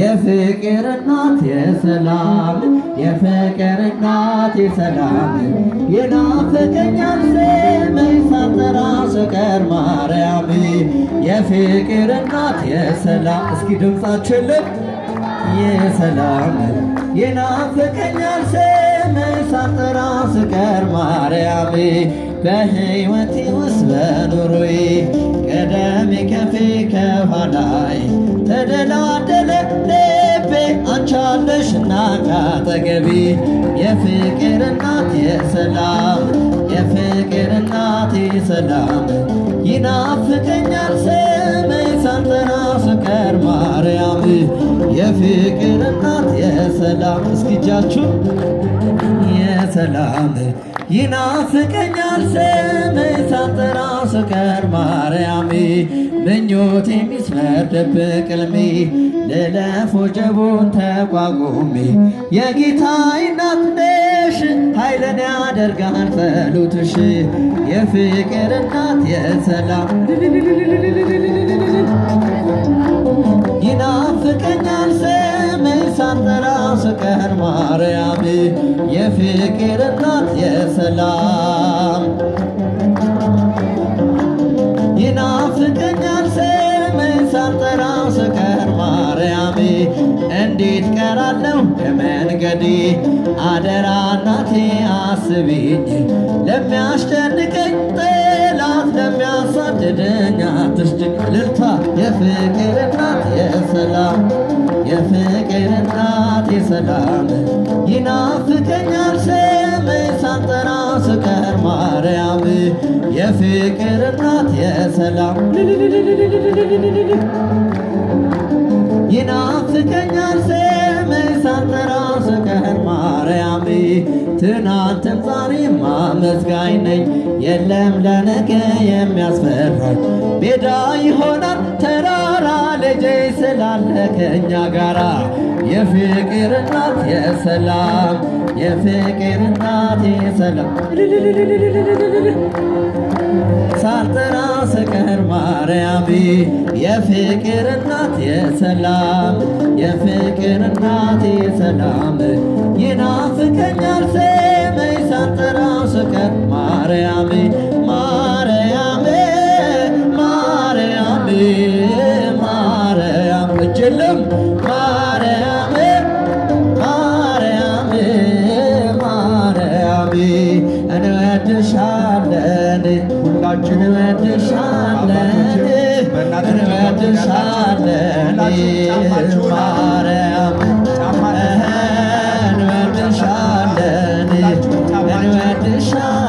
የፍቅር እናት የሰላም የፍቅር እናት የሰላም ይናፍቀኛል ስምሽ ሳልጠራ ስቀር ማርያም የፍቅር እናት የሰላም እስኪ ድምፃችን የሰላም ይናፍቀኛል ስምሽ ሳልጠራ ስቀር ማርያም በሕይወቴ ውስጥ በኑሮዬ ቀደም ከፊ ከኋላይ ተደላደለ ልቤ አንቻለሽና ካጠገቢ የፍቅር እናት የሰላም የፍቅር እናት ሰላም ይናፍቀኛል ስምሽ ሳንተና ስቀር ማርያም የፍቅር እናት የሰላም እስኪ ሰላም ይናፍቀኛል ስምህ ሳልጠራው ስቀር ማርያሜ ምኞቴ የሚስመር ድብቅ ሕልሜ ልለፍ ወጀቡን ተቋቁሜ የጌታዬ እናት ነሽ ኃይልን ያደርጋል ጸሎትሽ የፍቅር እናት የሰላም ይናፍቀኛል ሳንተናውስ ቀን ማርያም የፍቅር እናት የሰላም ይናፍቀኛል ስምህ ሳንተናውስ ቀን ማርያም እንዴት ቀራለሁ ከመንገዴ አደራ እናቴ አስቢኝ ለሚያስጨንቀኝ ጠላት ለሚያሳድደኝ አትስጭኝ የፍቅር እናት የሰላም ሰላም ይናፍቀኛል ስም ሳንጠራ ስቀር ማርያም የፍቅር እናት የሰላም ይናፍቀኛል ስም ሳንጠራ ስቀር ማርያም ትናንትም ዛሬም አመስጋኝ ነኝ። የለም ለነገ የሚያስፈራኝ ቤዳ ይሆናል ተራ ልጄ ስላለ ከእኛ ጋራ የፍቅር እናት የሰላም የፍቅር እናት የሰላም ሳልጠራ ስቀር ማርያም የፍቅር እናት የሰላም የፍቅር እናት የሰላም ይናፍቀኛል ማርያም እንወድሻለን እንወድሻለን